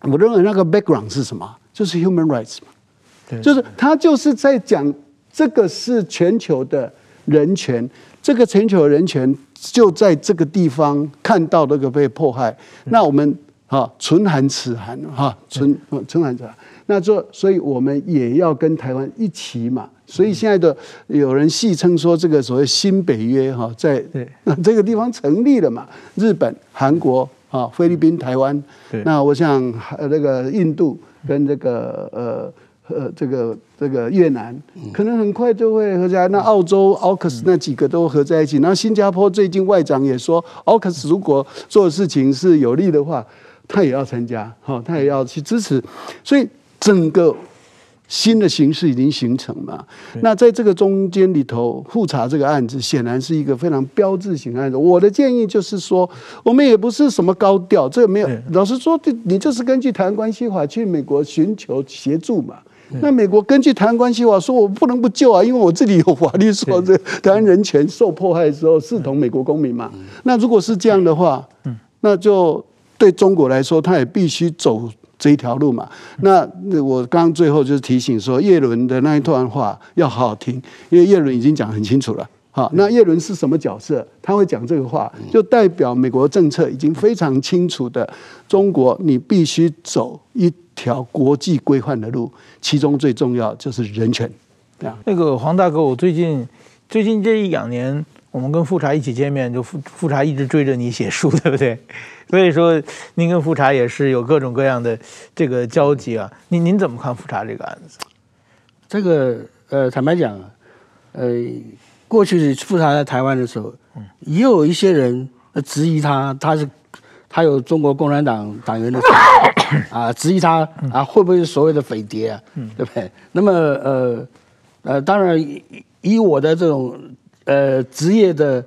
我認為那個 background 是什麼？就是 human rights 嘛，就是他就是在講這個是全球的人權，這個全球的人權就在這個地方看到那個被迫害，那我們哈，唇寒齒寒哈，唇唇寒那這，所以我們也要跟台灣一起嘛。所以現在的有人戲稱說，這個所謂新北約哈，在那這個地方成立了嘛。日本、韓國啊，菲律賓、台灣，對那我想那個印度跟這個呃呃這個這個越南，可能很快就會合起來。那澳洲、奧克斯那幾個都合在一起。那新加坡最近外長也說，奧克斯如果做事情是有利的話，他也要參加，哈，他也要去支持。所以。整個新的形勢已經形成了，那在這個中間裡頭，復查這個案子顯然是一個非常標誌性案子。我的建議就是說，我們也不是什麼高調，這個沒有。老實說，你就是根據《台灣關係法》去美國尋求協助嘛。那美國根據《台灣關係法》說，我不能不救啊，因為我這裡有法律說，這個台灣人權受迫害的時候，視同美國公民嘛。那如果是這樣的話，那就對中國來說，他也必須走。這一條路嘛，那我剛剛最後就是提醒說，耶倫的那一段話要好好聽，因為耶倫已經講很清楚了。好，那耶倫是什麼角色？他會講這個話，就代表美國政策已經非常清楚的，中國你必須走一條國際規範的路，其中最重要就是人權。這樣，那個黃大哥，我最近最近這一兩年。我們跟富察一起見面，就富富察一直追着你寫書，對不對？所以說您跟富察也是有各種各樣的這個交集啊。您您怎麼看富察這個案子？這個呃，坦白講，呃，過去富察在台灣的時候，也有一些人質疑他，他是他有中國共產黨黨員的時候、嗯、啊，質疑他啊，會不會是所謂的匪諜啊？嗯、對不對？那麼呃呃，當然以以我的這種。呃，職業的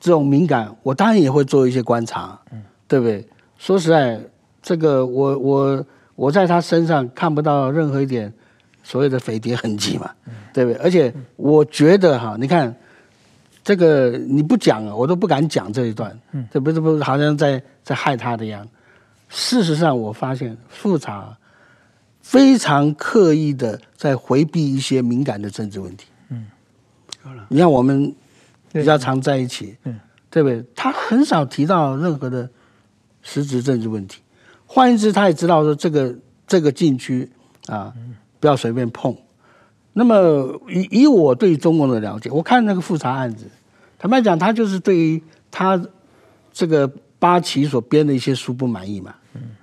這種敏感，我當然也會做一些觀察，嗯，對不對？說實在，這個我我我在他身上看不到任何一點所謂的匪諜痕跡嘛，嗯，對不對？而且我覺得哈，你看這個你不講，啊，我都不敢講這一段，嗯，這不是不是好像在在害他的樣。事實上，我發現富察非常刻意的在回避一些敏感的政治問題，嗯，好了，你看我們。比較常在一起，對不對？他很少提到任何的實質政治問題。換言之，他也知道說這個這個禁區啊，不要隨便碰。那麼以，以以我對中共的了解，我看那個富察案子，坦白講，他就是對於他這個八旗所編的一些書不滿意嘛。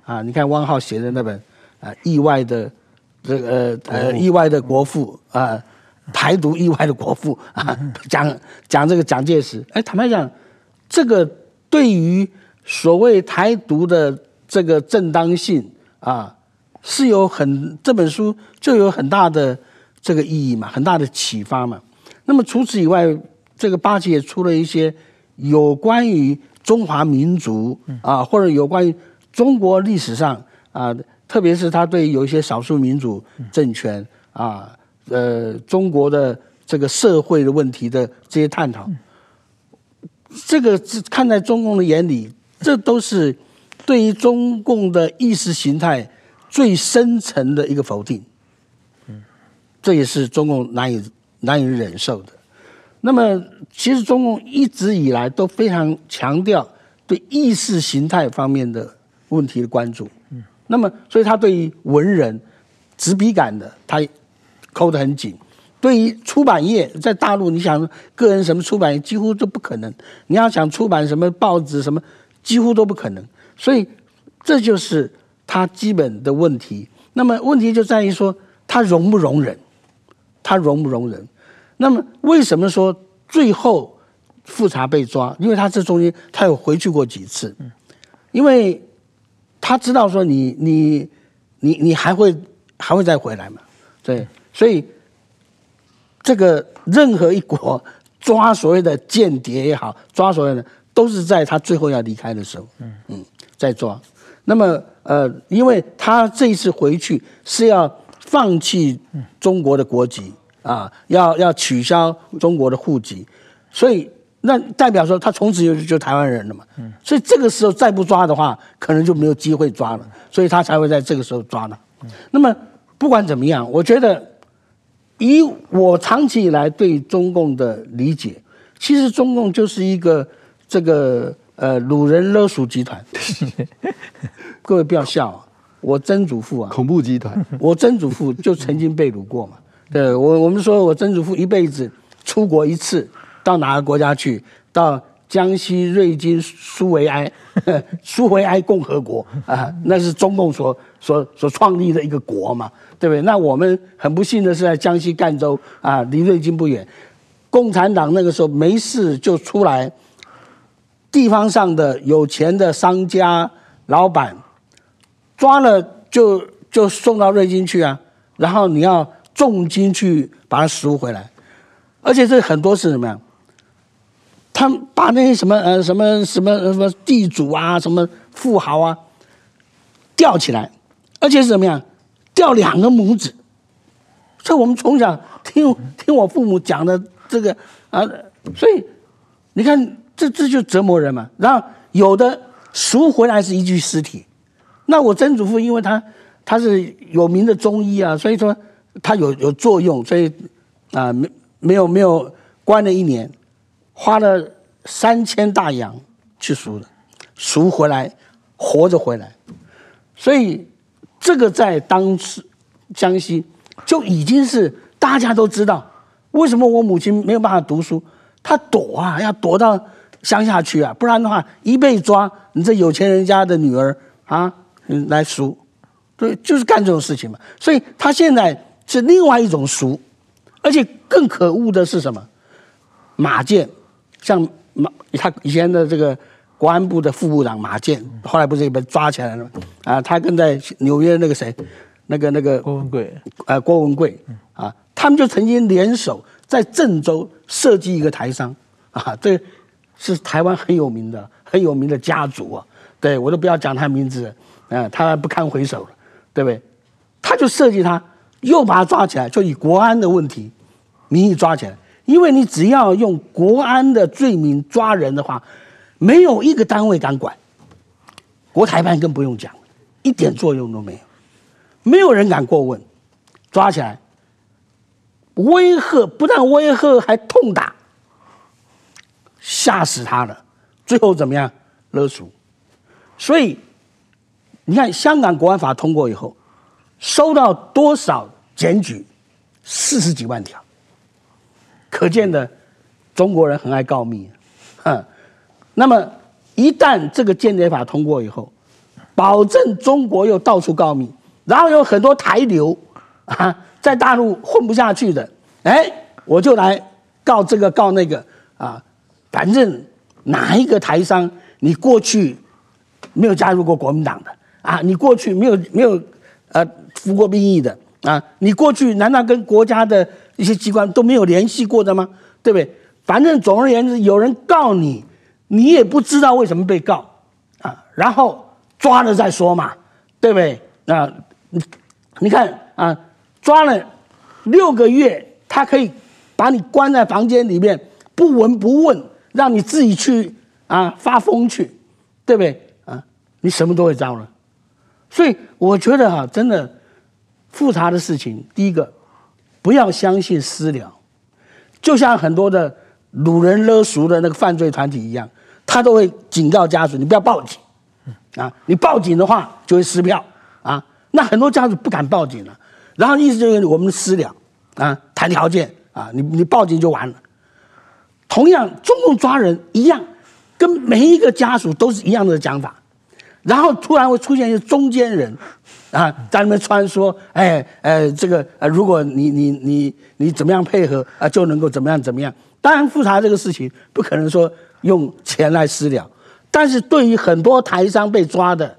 啊，你看汪浩寫的那本啊，意外的這個呃，意外的國父啊。台獨意外的國父啊，講講這個蔣介石。哎，坦白講，這個對於所謂台獨的這個正當性啊，是有很這本書就有很大的這個意義嘛，很大的啟發嘛。那麼除此以外，這個八旗也出了一些有關於中華民族啊，或者有關於中國歷史上啊，特別是他對有一些少數民族政權啊。呃，中國的這個社會的問題的這些探討，嗯、這個是看在中共的眼裡，這都是對於中共的意識形態最深層的一個否定。嗯，這也是中共難以難以忍受的。那麼，其實中共一直以來都非常強調對意識形態方面的問題的關注。嗯，那麼，所以他對於文人執筆桿的他。摳得很緊，對於出版業在大陸，你想個人什麼出版業幾乎都不可能。你要想出版什麼報紙什麼，幾乎都不可能。所以，這就是他基本的問題。那麼問題就在於說他容不容忍，他容不容忍，那麼為什麼說最後富察被抓？因為他這中間他有回去過幾次，因為他知道說你你你你還會還會再回來嘛，對。所以，這個任何一國抓所謂的間諜也好，抓所謂的都是在他最後要離開的時候，嗯嗯，在抓。那麼，呃，因為他這一次回去是要放棄中國的國籍啊，要要取消中國的戶籍，所以那代表說他從此就就台灣人了嘛，嗯。所以這個時候再不抓的話，可能就沒有機會抓了，所以他才會在這個時候抓了。那麼不管怎麼樣，我覺得。以我長期以來對中共的理解，其實中共就是一個這個呃擄人勒贖集團。是各位不要笑啊，我曾祖父啊，恐怖集團，我曾祖父就曾經被擄過嘛。對我我們說我曾祖父一輩子出國一次，到哪個國家去？到江西瑞金蘇維埃蘇維埃共和國啊，那是中共所所所創立的一個國嘛。對不對？那我們很不幸的是在江西贛州啊，離瑞金不遠。共產黨那個時候沒事就出來，地方上的有錢的商家老板抓了就就送到瑞金去啊，然後你要重金去把它贖回來，而且這很多是什麼呀？他把那些什麼呃什麼什麼什麼地主啊什麼富豪啊吊起來，而且是怎麼樣？掉兩個拇指，所以我們從小聽聽我父母講的這個啊、呃，所以你看，這這就折磨人嘛。然後有的贖回來是一具屍體，那我曾祖父因為他他是有名的中醫啊，所以說他有有作用，所以啊沒、呃、沒有沒有關了一年，花了三千大洋去贖的，贖回來活着回來，所以。這個在當時江西就已經是大家都知道，為什麼我母親沒有辦法讀書？她躲啊，要躲到鄉下去啊，不然的話一被抓，你這有錢人家的女兒啊，來贖，對，就是幹這種事情嘛。所以她現在是另外一種贖，而且更可惡的是什麼？馬建，像馬，他以前的這個。公安部的副部長馬建，後來不是也被抓起來了嘛？啊，他跟在紐約那個誰，那個那個郭文貴，啊、呃，郭文貴啊，他們就曾經聯手在鄭州設計一個台商，啊，這是台灣很有名的、很有名的家族啊。對我都不要講他名字，嗯、啊，他不堪回首了，對不對？他就設計他，又把他抓起來，就以國安的問題名義抓起來，因為你只要用國安的罪名抓人的話。沒有一個單位敢管，國台辦更不用講，一點作用都沒有，沒有人敢過問，抓起來，威嚇，不但威嚇，還痛打，嚇死他了，最後怎麼樣？勒索。所以，你看香港國安法通過以後，收到多少檢舉？四十幾萬條，可見的中國人很愛告密，哼。那麼，一旦這個間諜法通過以後，保證中國又到處告密，然後有很多台流啊，在大陸混不下去的，哎，我就來告這個告那個啊，反正哪一個台商你過去沒有加入過國民黨的啊，你過去沒有沒有呃服過兵役的啊，你過去難道跟國家的一些機關都沒有聯繫過的嗎？對不對？反正總而言之，有人告你。你也不知道為什麼被告，啊，然後抓了再說嘛，對不對？啊，你，你看啊，抓了六個月，他可以把你關在房間裡面不聞不問，讓你自己去啊發瘋去，對不對？啊，你什麼都會招了。所以我覺得哈、啊，真的富察的事情，第一個不要相信私了，就像很多的擄人勒贖的那個犯罪團體一樣。他都會警告家屬，你不要報警，啊，你報警的話就會撕票，啊，那很多家屬不敢報警了。然後意思就是我們私了，啊，談條件，啊，你你報警就完了。同樣，中共抓人一樣，跟每一個家屬都是一樣的講法，然後突然會出現一個中間人。啊，在那邊穿梭，哎，呃、哎，這個，呃、啊，如果你你你你怎麼樣配合啊，就能夠怎麼樣怎麼樣。當然，富察這個事情不可能說用錢來私了，但是對於很多台商被抓的，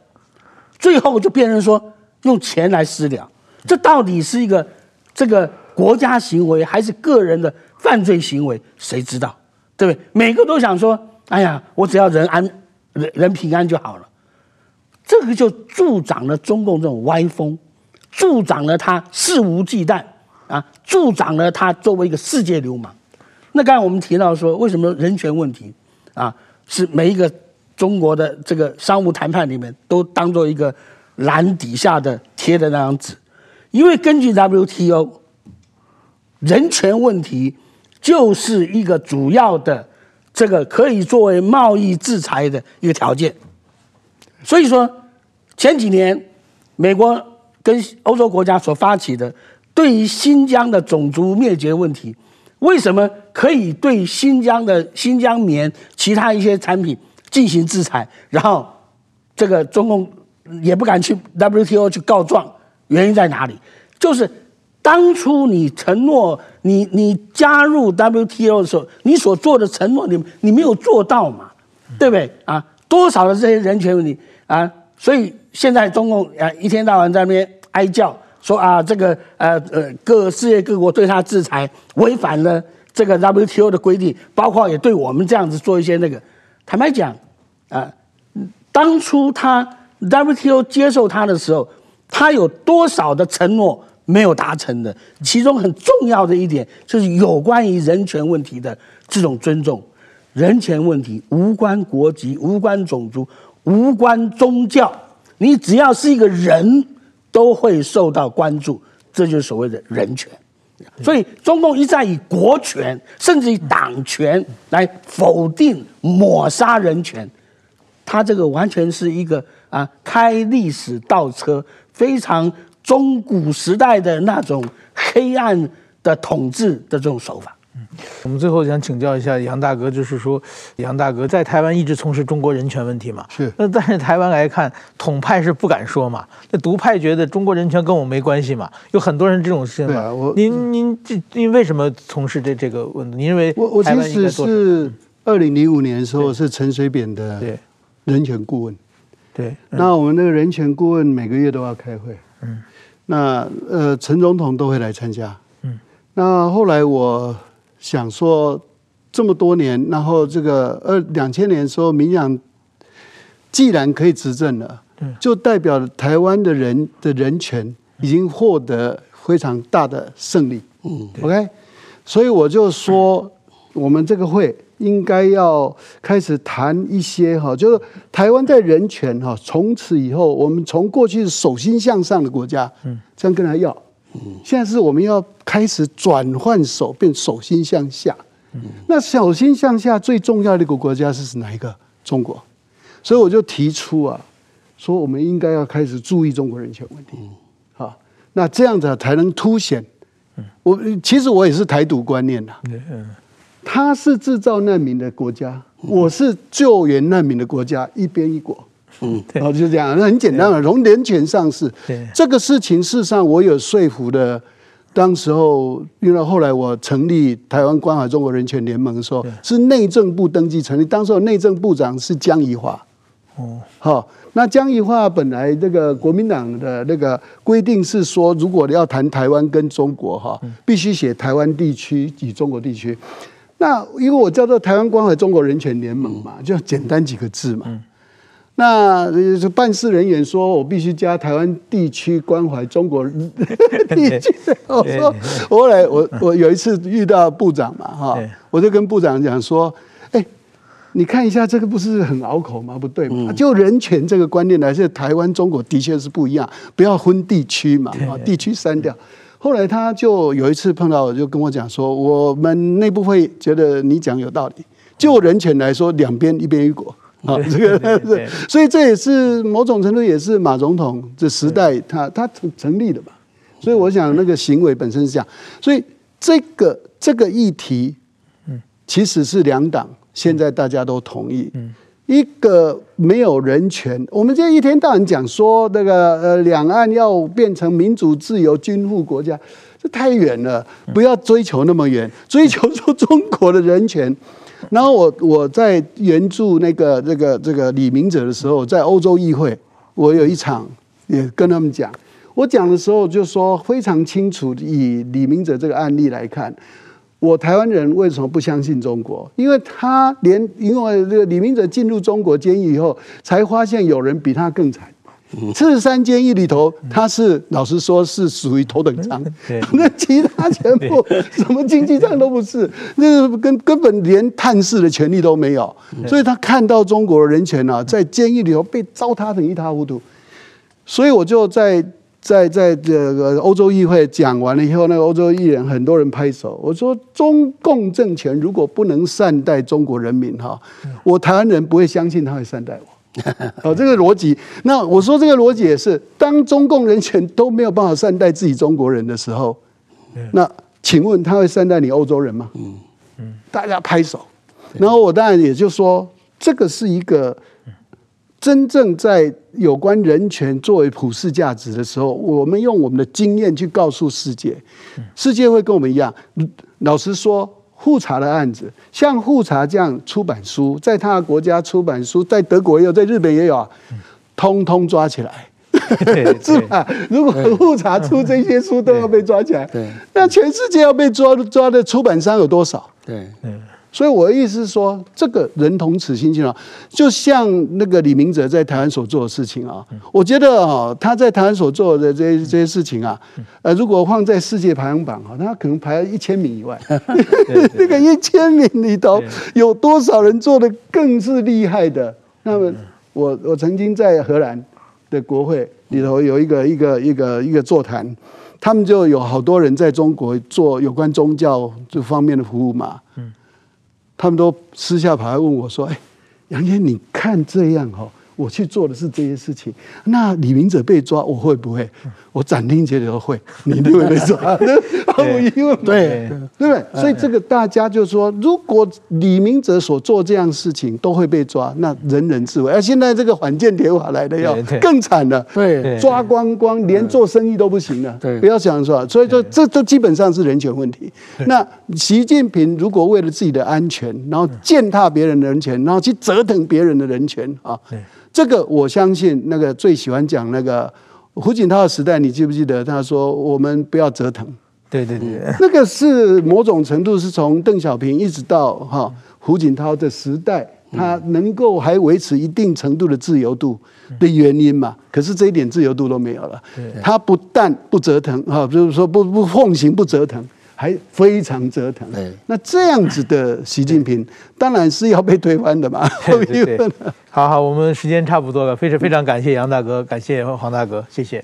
最後就變成說用錢來私了，這到底是一個這個國家行為還是個人的犯罪行為，誰知道？對不對？每個都想說，哎呀，我只要人安，人人平安就好了。這個就助長了中共這種歪風，助長了他肆無忌憚啊，助長了他作為一個世界流氓。那剛才我們提到說，為什麼人權問題啊是每一個中國的這個商務談判裡面都當做一個籃底下的貼的那張紙？因為根據 WTO，人權問題就是一個主要的這個可以作為貿易制裁的一個條件，所以說。前幾年，美國跟歐洲國家所發起的對於新疆的種族滅絕問題，為什麼可以對新疆的新疆棉其他一些產品進行制裁？然後，這個中共也不敢去 WTO 去告狀，原因在哪裡？就是當初你承諾你你加入 WTO 的時候，你所做的承諾你，你你沒有做到嘛？對不對啊？多少的這些人權問題啊？所以。現在中共啊，一天到晚在那邊哀叫說啊，這個呃呃，各世界各國對他制裁，違反了這個 WTO 的規定，包括也對我們這樣子做一些那個。坦白講，啊，當初他 WTO 接受他的時候，他有多少的承諾沒有達成的？其中很重要的一點就是有關於人權問題的這種尊重，人權問題無關國籍，無關種族，無關宗教。你只要是一個人，都會受到關注，這就是所謂的人權。所以，中共一再以國權甚至以黨權來否定、抹殺人權，他這個完全是一個啊，開歷史倒車，非常中古時代的那種黑暗的統治的這種手法。我們最後想請教一下楊大哥，就是說，楊大哥在台灣一直從事中國人權問題嘛？是。那、呃、但是台灣來看，統派是不敢說嘛？那獨派覺得中國人權跟我沒關係嘛？有很多人這種想法、啊。您您這您為什麼從事這這個問題？因為我我其實是二零零五年的時候是陳水扁的人權顧問。對。對對嗯、那我們那個人權顧問每個月都要開會。嗯。那呃，陳總統都會來參加。嗯。那後來我。想說這麼多年，然後這個呃，兩千年時候民進黨既然可以執政了，對就代表了台灣的人的人權已經獲得非常大的勝利。嗯，OK，所以我就說、嗯、我們這個會應該要開始談一些哈，就是台灣在人權哈，從此以後我們從過去手心向上的國家，嗯，這樣跟他要。嗯，現在是我們要開始轉換手，變手心向下。嗯，那手心向下最重要的一個國家是哪一個？中國。所以我就提出啊，說我們應該要開始注意中國人權問題。好，那這樣子才能凸顯。嗯，我其實我也是台獨觀念的，啊。嗯，他是製造難民的國家，嗯，我是救援難民的國家，一邊一國。嗯，好對，就這樣，那很簡單的，啊、從人權上市，對、啊、這個事情，事實上我有說服的。當時候，因為後來我成立台灣關懷中國人權聯盟的時候，對是內政部登記成立。當時候內政部長是江宜樺，哦、嗯，好。那江宜樺本來這個國民黨的那個規定是說，如果你要談台灣跟中國哈，必須寫台灣地區與中國地區。那因為我叫做台灣關懷中國人權聯盟嘛，就簡單幾個字嘛。嗯那辦事人員說，我必須加台灣地區關懷中國地區。我說，我後來我我有一次遇到部長嘛，哈對，我就跟部長講說，哎、欸，你看一下這個不是很拗口嗎？不對嘛，就人權這個觀念，來是台灣、中國的確是不一樣，不要分地區嘛，地區刪掉。對後來他就有一次碰到，我就跟我講說，我們內部會覺得你講有道理，就人權來說，兩邊一邊一國。 好，這個對對對對，所以這也是某種程度也是馬總統這時代他，對他他成成立的嘛。對所以我想那個行為本身是這樣。所以這個這個議題，嗯，其實是兩黨現在大家都同意，嗯，一個沒有人權。我們今天一天到晚講說那、這個呃，兩岸要變成民主自由、均富國家，這太遠了，不要追求那麼遠，嗯、追求出中國的人權。嗯嗯然後我我在援助那個這個這個李明哲的時候，在歐洲議會，我有一場也跟他們講，我講的時候就說非常清楚，以李明哲這個案例來看，我台灣人為什麼不相信中國？因為他連因為這個李明哲進入中國監獄以後，才發現有人比他更慘。赤山監獄裡頭，他是老實說，是屬於頭等艙。那其他全部什麼經濟艙都不是，那根根本連探視的權利都沒有。所以，他看到中國人權啊，在監獄裡頭被糟蹋成一塌糊塗。所以，我就在在在這個歐洲議會講完了以後，那個歐洲議員很多人拍手。我說，中共政權如果不能善待中國人民哈，我台灣人不會相信他會善待我。Okay. 哦，這個邏輯。那我說這個邏輯也是，當中共人權都沒有辦法善待自己中國人的時候，Yeah. 那請問他會善待你歐洲人嗎？嗯嗯、mm，hmm. 大家拍手。Yeah. 然後我當然也就說，這個是一個真正在有關人權作為普世價值的時候，我們用我們的經驗去告訴世界，世界會跟我們一樣。老實說。富察的案子，像富察這樣出版書，在他的國家出版書，在德國也有，在日本也有啊，通通抓起來， 是吧？如果富察出這些書都要被抓起來，對，那全世界要被抓抓的出版商有多少？對，對所以我的意思是說，這個人同此心情啊，就像那個李明哲在台灣所做的事情啊。嗯、我覺得啊，他在台灣所做的這些、嗯、這些事情啊，呃，如果放在世界排行榜，他可能排一千名以外。 對對對 那個一千名裡頭有多少人做的更是厲害的？對那麼我，我我曾經在荷蘭的國會裡頭有一個、嗯、一個一個一個座談，他們就有好多人在中國做有關宗教這方面的服務嘛。嗯。他們都私下跑來問我說：“哎，楊堅，你看這樣哦，我去做的是這些事情，那李明哲被抓，我會不會？”嗯。我斬釘截鐵都會你，你認為被抓，對，對不對？所以這個大家就說，如果李明哲所做這樣事情都會被抓，那人人自危。而現在這個反間諜法來的要更慘了，對，抓光光，連做生意都不行了。對，不要想說，所以說這都基本上是人權問題。那習近平如果為了自己的安全，然後踐踏別人的人權，然後去折騰別人的人權啊，這個我相信那個最喜歡講那個。胡錦濤的時代，你記不記得？他說：“我們不要折騰。”對對對，那個是某種程度是從鄧小平一直到哈胡錦濤的時代，他能夠還維持一定程度的自由度的原因嘛？可是這一點自由度都沒有了。對對 他不但不折騰哈，就是說不不奉行不折騰。還非常折騰，對那這樣子的習近平對當然是要被推翻的嘛！對對對， 好好，我們時間差不多了，非常非常感謝楊大哥，感謝黃大哥，謝謝。